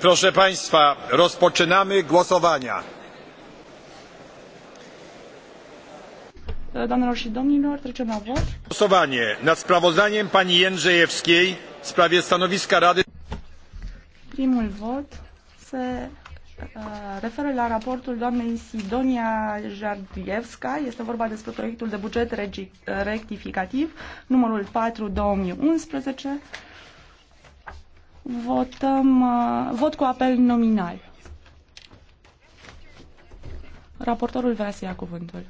Proszę Państwa, rozpoczynamy głosowania. vot. Głosowanie nad sprawozdaniem pani Jędrzejewskiej w sprawie stanowiska Rady. Primul vot se referă la raportul doamnei Sidonia Jardievska. Este vorba despre proiectul de buget rectificativ numărul 4 2011 Votăm, uh, vot cu apel nominal. Raportorul vrea să ia cuvântul.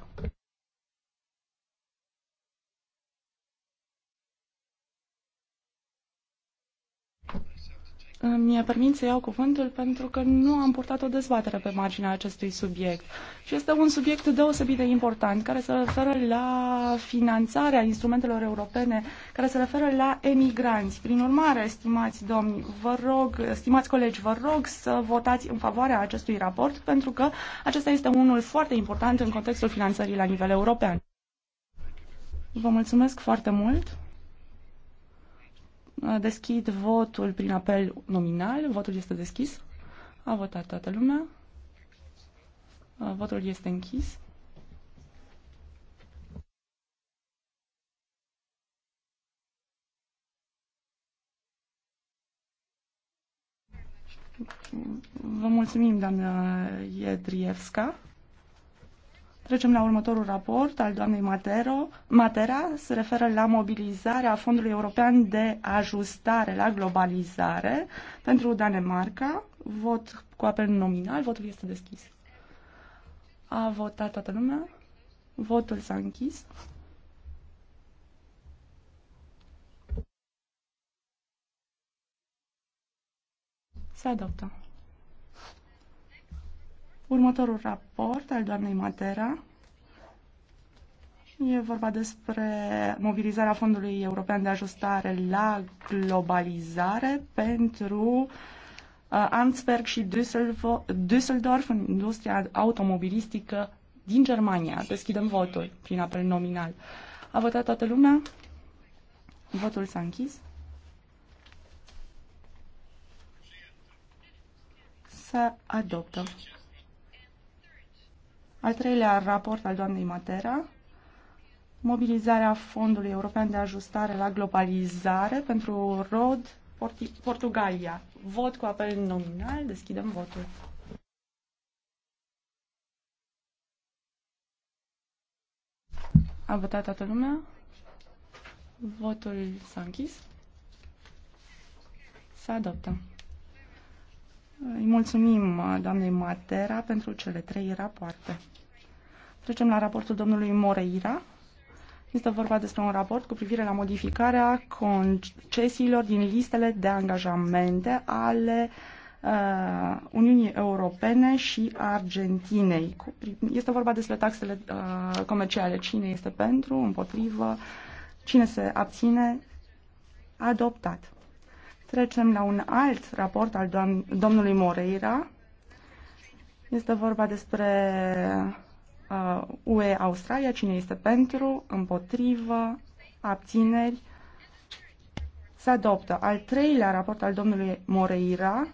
îmi permit să iau cuvântul pentru că nu am purtat o dezbatere pe marginea acestui subiect. Și este un subiect deosebit de important care se referă la finanțarea instrumentelor europene, care se referă la emigranți. Prin urmare, stimați domni, vă rog, stimați colegi, vă rog să votați în favoarea acestui raport pentru că acesta este unul foarte important în contextul finanțării la nivel european. Vă mulțumesc foarte mult. Uh, deschid votul prin apel nominal. Votul este deschis. A votat toată lumea. Uh, votul este închis. Vă mulțumim, doamnă Iedrievska. Trecem la următorul raport al doamnei Matero. Matera se referă la mobilizarea Fondului European de Ajustare la Globalizare pentru Danemarca. Vot cu apel nominal, votul este deschis. A votat toată lumea, votul s-a închis. Se adoptă. Următorul raport al doamnei Matera e vorba despre mobilizarea Fondului European de Ajustare la Globalizare pentru uh, Ansberg și Düsseldorf în industria automobilistică din Germania. Deschidem votul prin apel nominal. A votat toată lumea? Votul s-a închis. Să adoptăm. Al treilea raport al doamnei Matera, mobilizarea Fondului European de Ajustare la Globalizare pentru ROD Porti Portugalia. Vot cu apel nominal, deschidem votul. A votat toată lumea. Votul s-a închis. Se adoptă. Îi mulțumim uh, doamnei Matera pentru cele trei rapoarte. Trecem la raportul domnului Moreira. Este vorba despre un raport cu privire la modificarea concesiilor din listele de angajamente ale uh, Uniunii Europene și Argentinei. Este vorba despre taxele uh, comerciale. Cine este pentru, împotrivă, cine se abține, adoptat. Trecem la un alt raport al domnului Moreira. Este vorba despre uh, UE-Australia, cine este pentru, împotrivă, abțineri. Se adoptă. Al treilea raport al domnului Moreira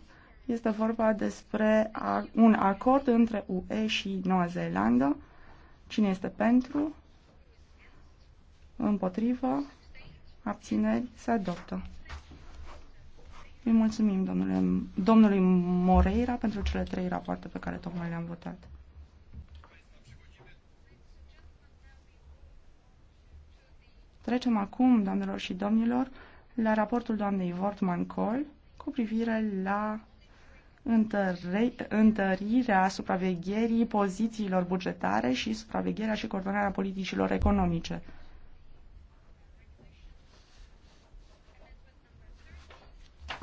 este vorba despre a, un acord între UE și Noua Zeelandă. Cine este pentru, împotrivă, abțineri, se adoptă. Îi mulțumim domnule, domnului Moreira pentru cele trei rapoarte pe care tocmai le-am votat. Trecem acum, doamnelor și domnilor, la raportul doamnei Wortman Col cu privire la întări, întărirea supravegherii pozițiilor bugetare și supravegherea și coordonarea politicilor economice.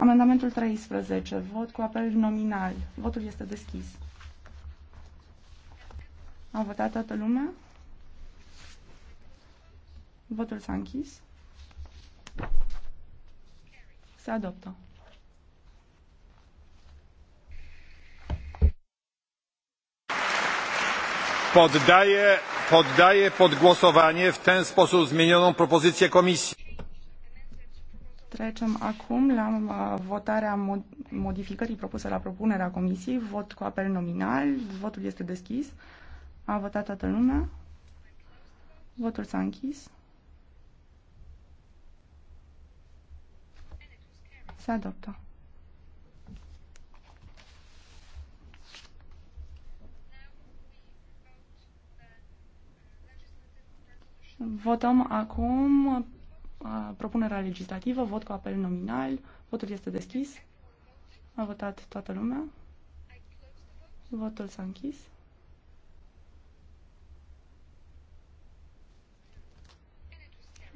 Amendamentul 13. Vot cu apel nominal. Votul este deschis. A votat toată lumea? Votul s-a închis. Se adoptă. Poddaję, poddaję pod głosowanie w ten sposób zmienioną propozycję komisji. Trecem acum la uh, votarea modificării propuse la propunerea comisiei. Vot cu apel nominal. Votul este deschis. A votat toată lumea. Votul s-a închis. Se adoptă. Votăm acum propunerea legislativă, vot cu apel nominal. Votul este deschis. A votat toată lumea. Votul s-a închis.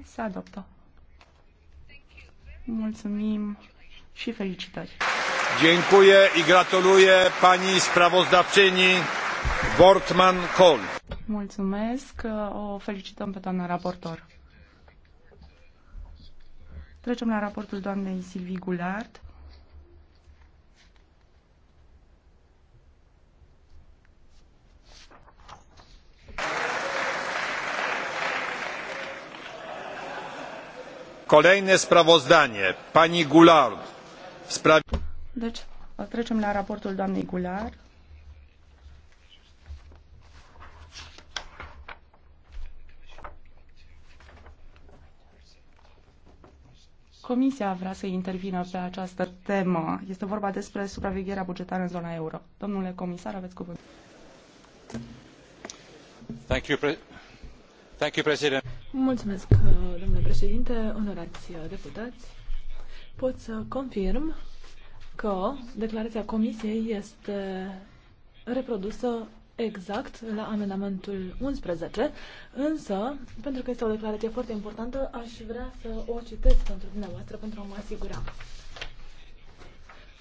Se adoptă. Mulțumim și felicitări. Dziękuję i gratuluję pani sprawozdawczyni Wortman Kohl. Mulțumesc, o felicităm pe doamna raportor. Trecem la raportul doamnei Silvii Gulard. Kolejne sprawozdanie pani Gulard. w Deci, trecem la raportul doamnei Gulard. Comisia vrea să intervină pe această temă. Este vorba despre supravegherea bugetară în zona euro. Domnule comisar, aveți cuvânt. Thank you, Thank you, President. Mulțumesc, domnule președinte, onorați deputați. Pot să confirm că declarația Comisiei este reprodusă exact la amendamentul 11, însă, pentru că este o declarație foarte importantă, aș vrea să o citesc pentru dumneavoastră pentru a mă asigura.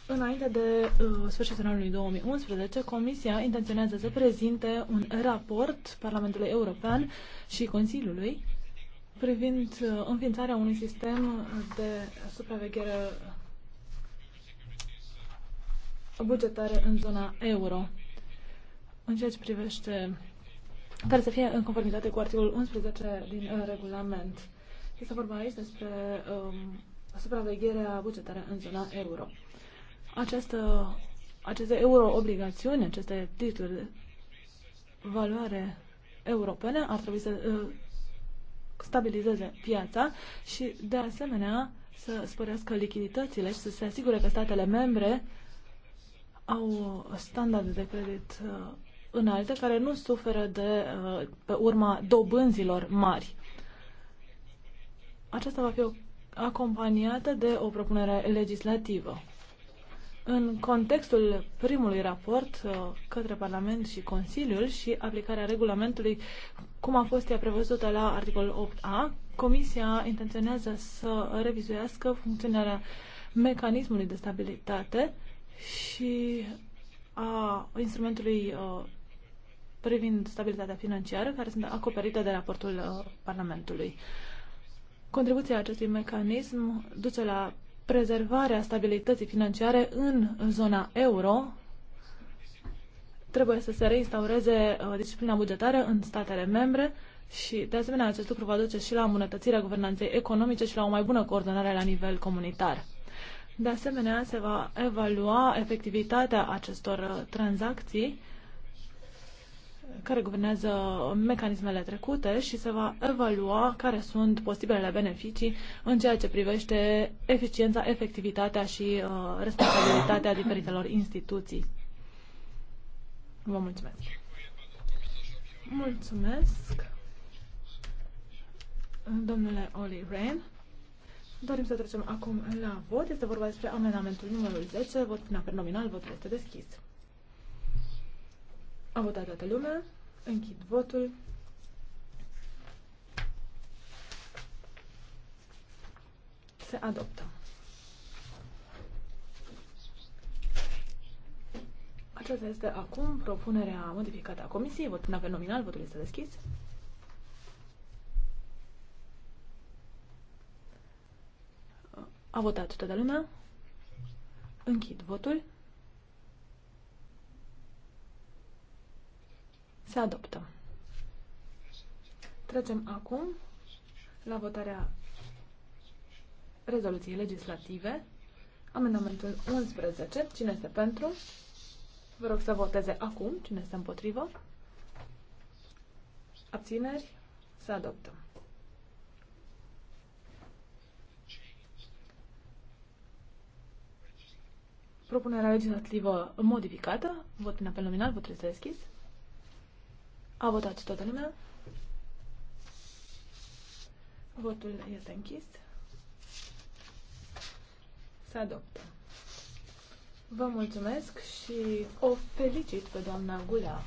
Înainte de uh, sfârșitul anului 2011, Comisia intenționează să prezinte un raport Parlamentului European și Consiliului privind uh, înființarea unui sistem de supraveghere bugetare în zona euro în ceea ce privește care să fie în conformitate cu articolul 11 din uh, regulament. Este vorba aici despre um, supravegherea bugetară în zona euro. Această, aceste euro-obligațiuni, aceste titluri de valoare europene ar trebui să uh, stabilizeze piața și, de asemenea, să sporească lichiditățile și să se asigure că statele membre au standarde de credit uh, înalte care nu suferă de uh, pe urma dobânzilor mari. Aceasta va fi acompaniată de o propunere legislativă. În contextul primului raport uh, către Parlament și Consiliul și aplicarea regulamentului, cum a fost ea prevăzută la articolul 8a, Comisia intenționează să revizuiască funcționarea mecanismului de stabilitate și a instrumentului uh, privind stabilitatea financiară, care sunt acoperite de raportul uh, Parlamentului. Contribuția acestui mecanism duce la prezervarea stabilității financiare în zona euro. Trebuie să se reinstaureze uh, disciplina bugetară în statele membre și, de asemenea, acest lucru va duce și la îmbunătățirea guvernanței economice și la o mai bună coordonare la nivel comunitar. De asemenea, se va evalua efectivitatea acestor uh, tranzacții care guvernează mecanismele trecute și se va evalua care sunt posibilele beneficii în ceea ce privește eficiența, efectivitatea și uh, responsabilitatea diferitelor instituții. Vă mulțumesc! Mulțumesc, domnule Oli Rain. Dorim să trecem acum la vot. Este vorba despre amendamentul numărul 10, vot prin apel nominal, votul este deschis. A votat toată lumea. Închid votul. Se adoptă. Aceasta este acum propunerea modificată a Comisiei. Vot în apel nominal. Votul este deschis. A votat toată lumea. Închid votul. Se adoptă. Trecem acum la votarea rezoluției legislative. Amendamentul 11. Cine este pentru? Vă rog să voteze acum. Cine este împotrivă? Abțineri? Se adoptă. Propunerea legislativă modificată. Vot în apel nominal. Votul este deschis. A votat toată lumea. Votul este închis. Se adoptă. Vă mulțumesc și o felicit pe doamna Gulea.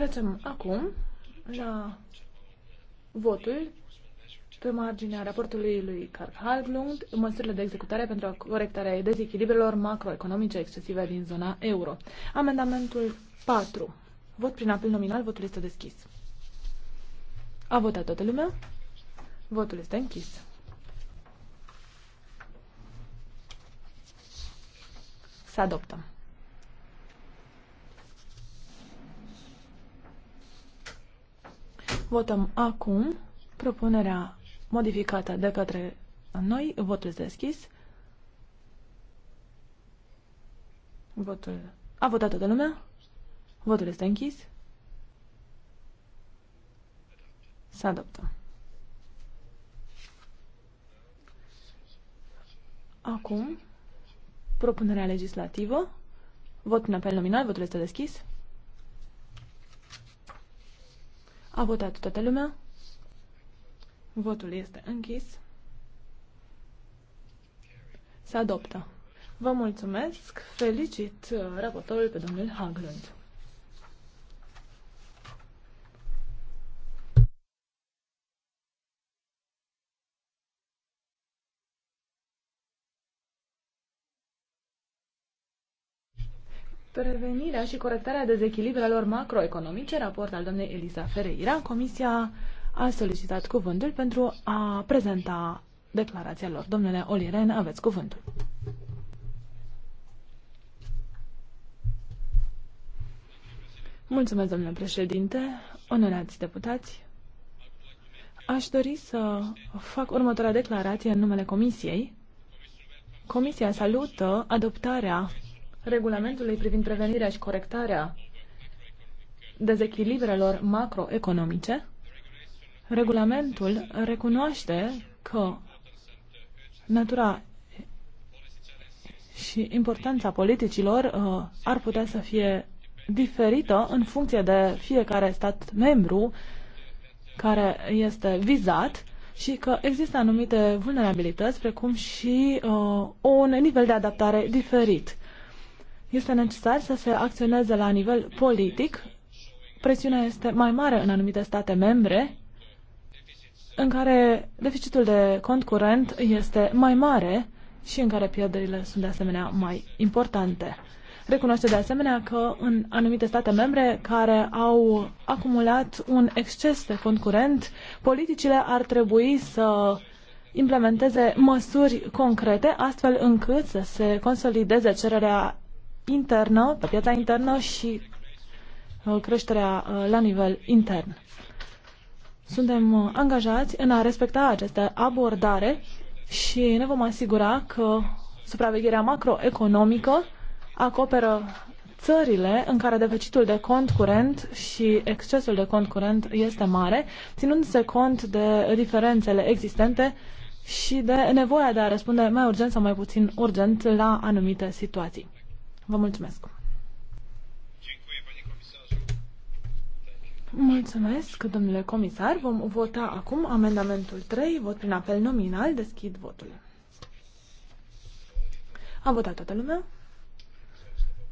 Trecem acum la votul pe marginea raportului lui Carl Haglund, măsurile de executare pentru corectarea dezechilibrelor macroeconomice excesive din zona euro. Amendamentul 4. Vot prin apel nominal, votul este deschis. A votat toată lumea? Votul este închis. Să adoptăm. Votăm acum propunerea modificată de către noi. Votul este deschis. Votul... A votat toată lumea? Votul este închis. Se adoptă. Acum, propunerea legislativă. Vot în apel nominal, votul este deschis. A votat toată lumea. Votul este închis. Se adoptă. Vă mulțumesc. Felicit uh, raportorul pe domnul Haglund. prevenirea și corectarea dezechilibrelor macroeconomice, raport al doamnei Elisa Ferreira, Comisia a solicitat cuvântul pentru a prezenta declarația lor. Domnule Oliren, aveți cuvântul. Mulțumesc, domnule președinte, onorați deputați. Aș dori să fac următoarea declarație în numele Comisiei. Comisia salută adoptarea regulamentului privind prevenirea și corectarea dezechilibrelor macroeconomice, regulamentul recunoaște că natura și importanța politicilor uh, ar putea să fie diferită în funcție de fiecare stat membru care este vizat și că există anumite vulnerabilități, precum și uh, un nivel de adaptare diferit. Este necesar să se acționeze la nivel politic. Presiunea este mai mare în anumite state membre în care deficitul de cont curent este mai mare și în care pierderile sunt de asemenea mai importante. Recunoaște de asemenea că în anumite state membre care au acumulat un exces de cont curent, politicile ar trebui să implementeze măsuri concrete astfel încât să se consolideze cererea internă, pe piața internă și uh, creșterea uh, la nivel intern. Suntem uh, angajați în a respecta această abordare și ne vom asigura că supravegherea macroeconomică acoperă țările în care deficitul de cont curent și excesul de cont curent este mare, ținându-se cont de diferențele existente și de nevoia de a răspunde mai urgent sau mai puțin urgent la anumite situații. Vă mulțumesc! Mulțumesc, domnule comisar. Vom vota acum amendamentul 3, vot prin apel nominal. Deschid votul. A votat toată lumea?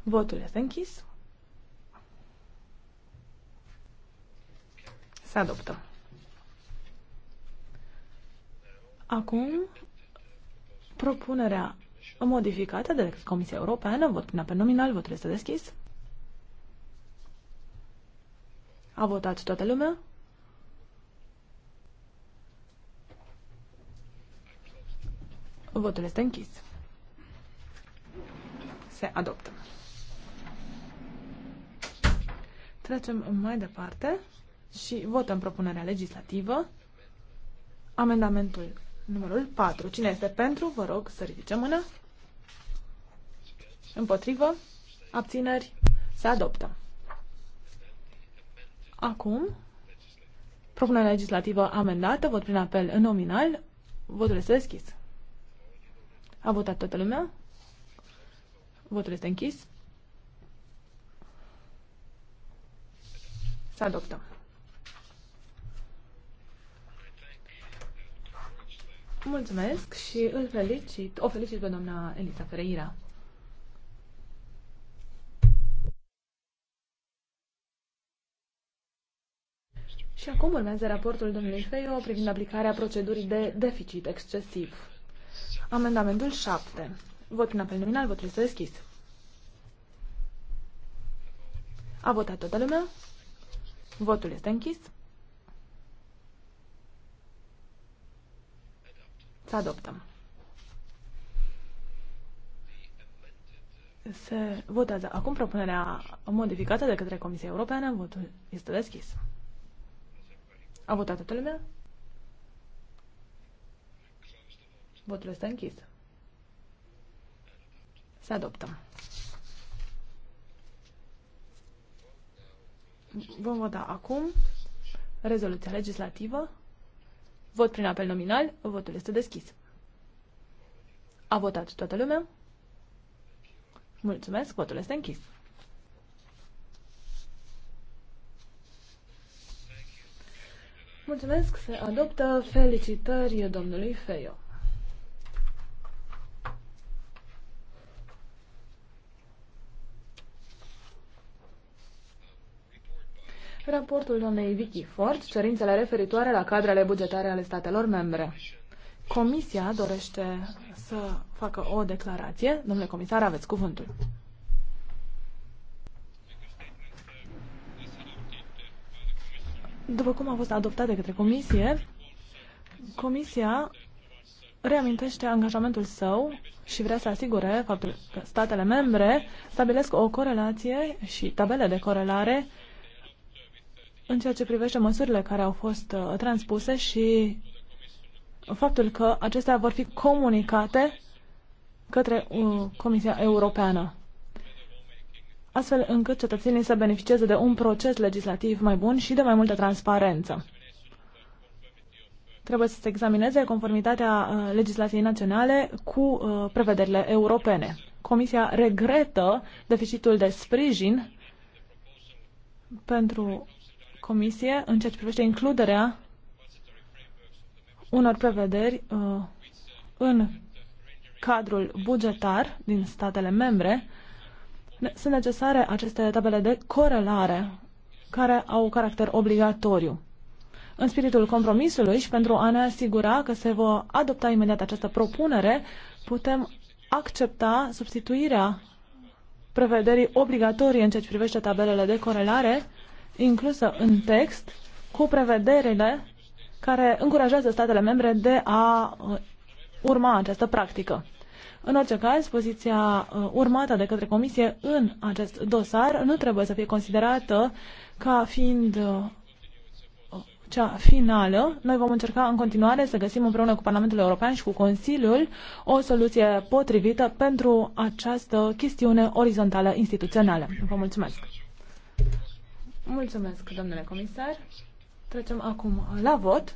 Votul este închis. Se adoptă. Acum, propunerea modificată de Comisia Europeană, vot până pe nominal, votul este deschis. A votat toată lumea? Votul este închis. Se adoptă. Trecem mai departe și votăm propunerea legislativă. Amendamentul numărul 4. Cine este pentru, vă rog să ridice mâna. Împotrivă? Abțineri? Se adoptă. Acum, propunerea legislativă amendată, vot prin apel în nominal, votul este deschis. A votat toată lumea? Votul este închis. Se adoptă. Mulțumesc și îl felicit, o felicit pe doamna Elisa Ferreira. Și acum urmează raportul domnului Feio privind aplicarea procedurii de deficit excesiv. Amendamentul 7. Vot în apel nominal, votul este deschis. A votat toată lumea? Votul este închis. Să adoptăm. Se votează acum propunerea modificată de către Comisia Europeană. Votul este deschis. A votat toată lumea? Votul este închis. Să adoptăm. Vom vota acum rezoluția legislativă. Vot prin apel nominal. Votul este deschis. A votat toată lumea? Mulțumesc. Votul este închis. Mulțumesc, se adoptă. Felicitări domnului Feio. Raportul doamnei Vicky Ford, cerințele referitoare la cadrele bugetare ale statelor membre. Comisia dorește să facă o declarație. Domnule comisar, aveți cuvântul. După cum a fost adoptat de către Comisie, Comisia reamintește angajamentul său și vrea să asigure faptul că statele membre stabilesc o corelație și tabele de corelare în ceea ce privește măsurile care au fost uh, transpuse și faptul că acestea vor fi comunicate către uh, Comisia Europeană astfel încât cetățenii să beneficieze de un proces legislativ mai bun și de mai multă transparență. Trebuie să se examineze conformitatea uh, legislației naționale cu uh, prevederile europene. Comisia regretă deficitul de sprijin pentru Comisie în ceea ce privește includerea unor prevederi uh, în cadrul bugetar din statele membre sunt necesare aceste tabele de corelare care au caracter obligatoriu. În spiritul compromisului și pentru a ne asigura că se va adopta imediat această propunere, putem accepta substituirea prevederii obligatorii în ceea ce privește tabelele de corelare inclusă în text cu prevederile care încurajează statele membre de a uh, urma această practică. În orice caz, poziția uh, urmată de către Comisie în acest dosar nu trebuie să fie considerată ca fiind uh, uh, cea finală. Noi vom încerca în continuare să găsim împreună cu Parlamentul European și cu Consiliul o soluție potrivită pentru această chestiune orizontală instituțională. Vă mulțumesc! Mulțumesc, domnule comisar. Trecem acum la vot.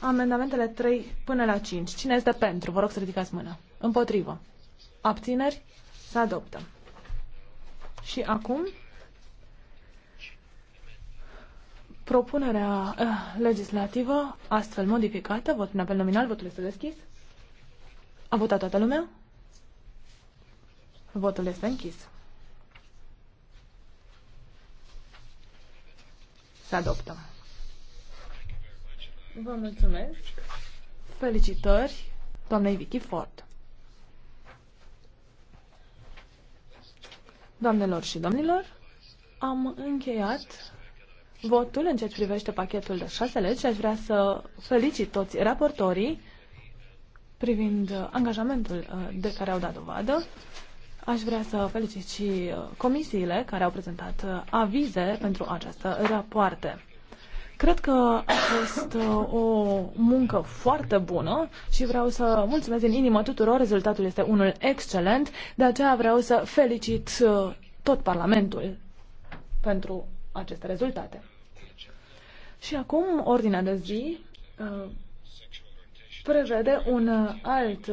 Amendamentele 3 până la 5. Cine este pentru? Vă rog să ridicați mâna. Împotrivă. Abțineri? Se adoptă. Și acum propunerea uh, legislativă astfel modificată, vot în apel nominal, votul este deschis. A votat toată lumea? Votul este închis. Se adoptă. Vă mulțumesc. Felicitări doamnei Vicky Ford. Doamnelor și domnilor, am încheiat votul în ceea ce privește pachetul de șase legi și aș vrea să felicit toți raportorii privind uh, angajamentul uh, de care au dat dovadă. Aș vrea să felicit și uh, comisiile care au prezentat avize pentru această rapoarte. Cred că a fost uh, o muncă foarte bună și vreau să mulțumesc din inimă tuturor. Rezultatul este unul excelent, de aceea vreau să felicit uh, tot Parlamentul pentru aceste rezultate. Și acum ordinea de zi uh, prevede un alt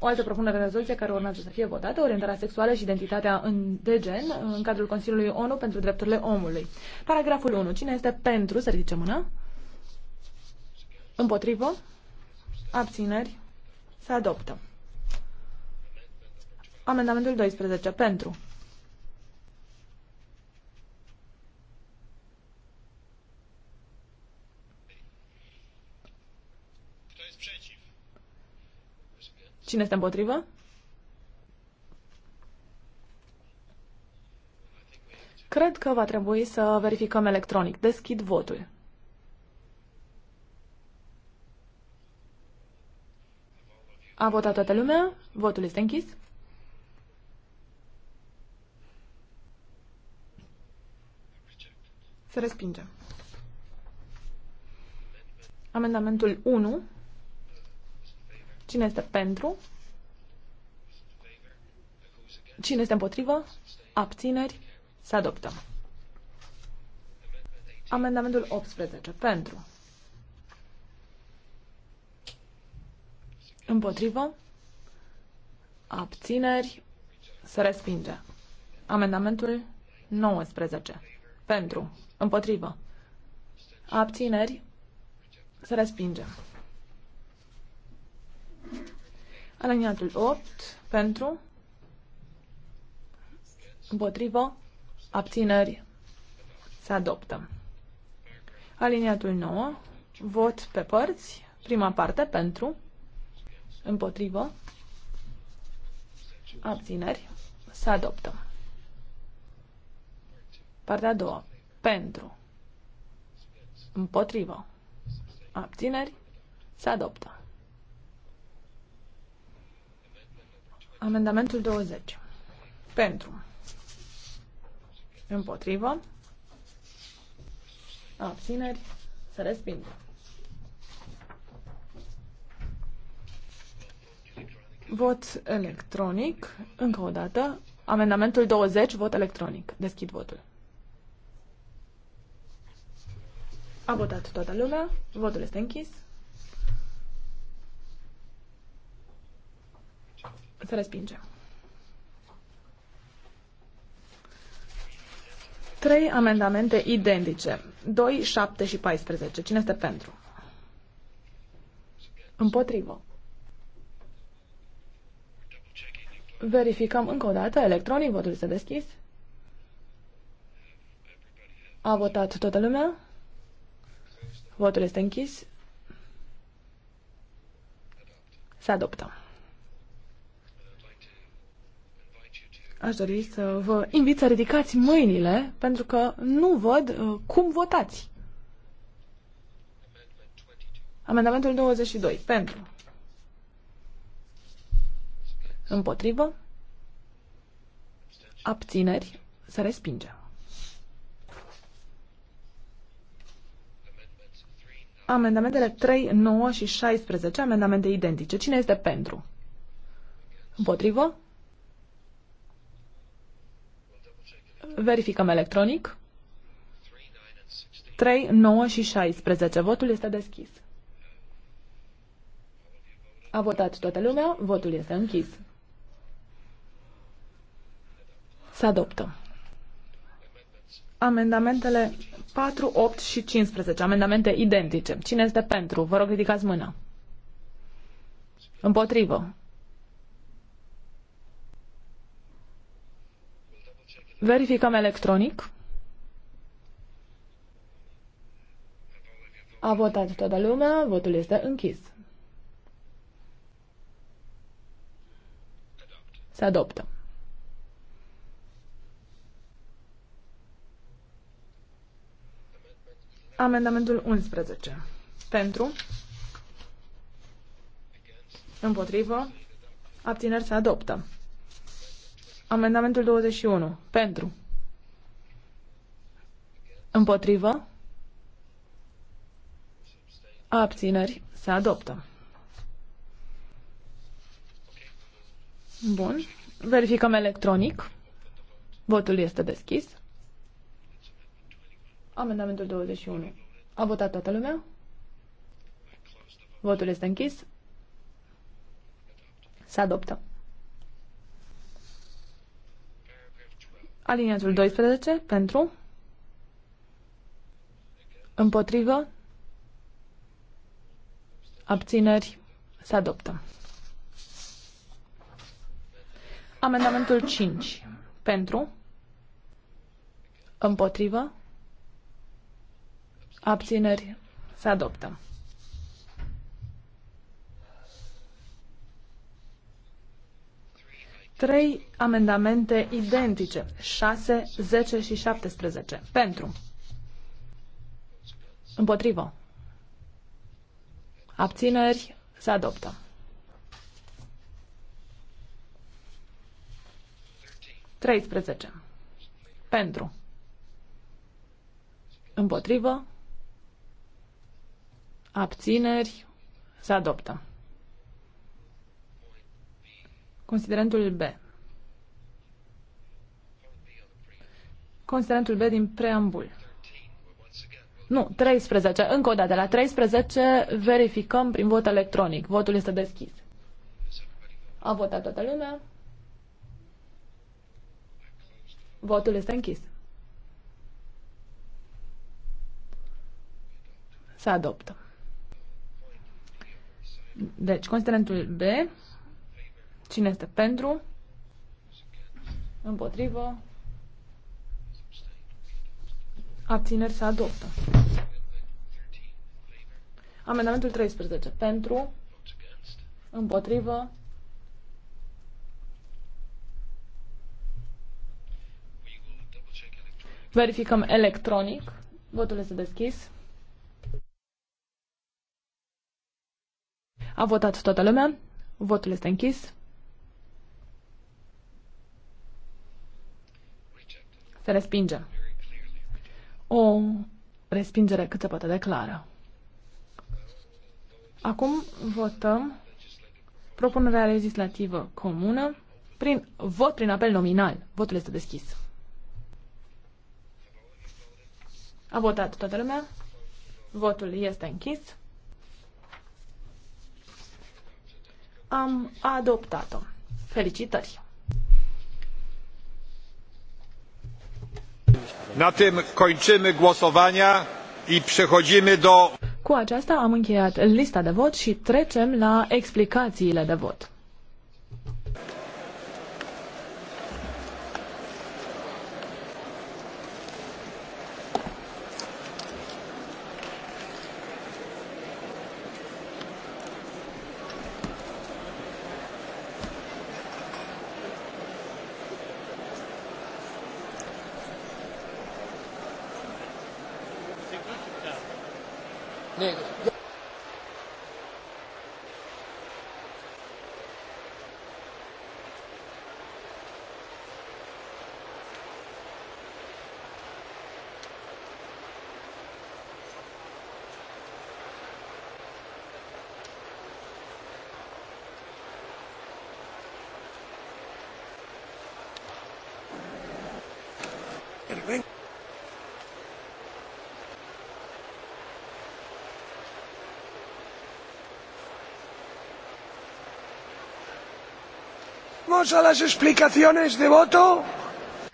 o altă propunere de rezoluție care urmează să fie votată, orientarea sexuală și identitatea în, de gen în cadrul Consiliului ONU pentru drepturile omului. Paragraful 1. Cine este pentru, să ridice mâna? Împotrivă? Abțineri? Se adoptă. Amendamentul 12. Pentru. Cine este împotrivă? Cred că va trebui să verificăm electronic. Deschid votul. A votat toată lumea? Votul este închis? Se respinge. Amendamentul 1 Cine este pentru? Cine este împotrivă? Abțineri? Se adoptă. Amendamentul 18. Pentru. Împotrivă? Abțineri? Se respinge. Amendamentul 19. Pentru. Împotrivă. Abțineri? Se respinge. Aliniatul 8 pentru împotrivă abțineri se adoptă. Aliniatul 9 vot pe părți, prima parte pentru împotrivă abțineri se adoptă. Partea a doua pentru împotrivă abțineri se adoptă. Amendamentul 20. Pentru. Împotrivă. Abțineri. Să resping. Vot electronic. Încă o dată. Amendamentul 20, vot electronic. Deschid votul. A votat toată lumea. Votul este închis. Se respinge. 3 amendamente identice. 2, 7 și 14. Cine este pentru? Împotrivă. Verificăm încă o dată. Electronic, votul este deschis. A votat toată lumea. Votul este închis. Se adoptă. Aș dori să vă invit să ridicați mâinile, pentru că nu văd uh, cum votați. Amendamentul 22. Pentru. Împotrivă. Abțineri. Se respinge. Amendamentele 3, 9 și 16, amendamente identice. Cine este pentru? Împotrivă? Verificăm electronic. 3, 9 și 16. Votul este deschis. A votat toată lumea, votul este închis. Se adoptă. Amendamentele 4, 8 și 15. Amendamente identice. Cine este pentru? Vă rog, ridicați mâna. Împotrivă. Verificăm electronic. A votat toată lumea, votul este închis. Se adoptă. Amendamentul 11. Pentru. Împotrivă. Abțineri se adoptă. Amendamentul 21. Pentru. Împotrivă. Abțineri. Se adoptă. Bun. Verificăm electronic. Votul este deschis. Amendamentul 21. A votat toată lumea? Votul este închis. Se adoptă. Aliniatul 12 pentru. Împotrivă. Abțineri. Se adoptă. Amendamentul 5. Pentru. Împotrivă. Abțineri. Se adoptă. trei amendamente identice, 6, 10 și 17. Pentru. Împotrivă. Abțineri. Se adoptă. 13. Pentru. Împotrivă. Abțineri. Se adoptă. Considerentul B. Considerentul B din preambul. Nu, 13. Încă o dată, la 13 verificăm prin vot electronic. Votul este deschis. A votat toată lumea. Votul este închis. Se adoptă. Deci, considerentul B, Cine este pentru? Împotrivă? Abțineri se adoptă. Amendamentul 13. Pentru? Împotrivă? Verificăm electronic. Votul este deschis. A votat toată lumea. Votul este închis. Se respinge. O respingere cât se poate de clară. Acum votăm propunerea legislativă comună prin vot prin apel nominal. Votul este deschis. A votat toată lumea. Votul este închis. Am adoptat-o. Felicitări! Na tym kończymy głosowania i przechodzimy do... Cu aceasta am încheiat lista de vot și trecem la explicațiile de vot.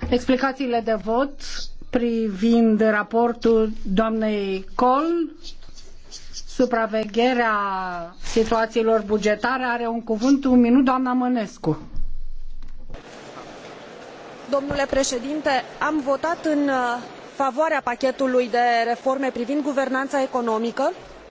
Explicațiile de vot privind raportul doamnei Col, supravegherea situațiilor bugetare, are un cuvânt, un minut, doamna Mănescu. Domnule președinte, am votat în uh, favoarea pachetului de reforme privind guvernanța economică